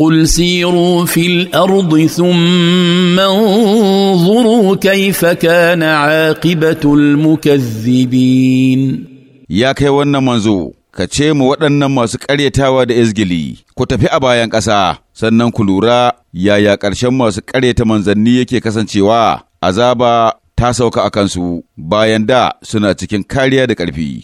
قل سيروا في الارض ثم انظروا كيف كان عاقبه المكذبين يا كي wannan manzo ka ce mu waɗannan masu ƙaryatawa da izgili ku tafi a bayan ƙasa sannan ku lura yaya ƙarshen masu ƙaryata manzanni yake kasancewa azaba ta sauka a kansu bayan da suna cikin kariya da ƙarfi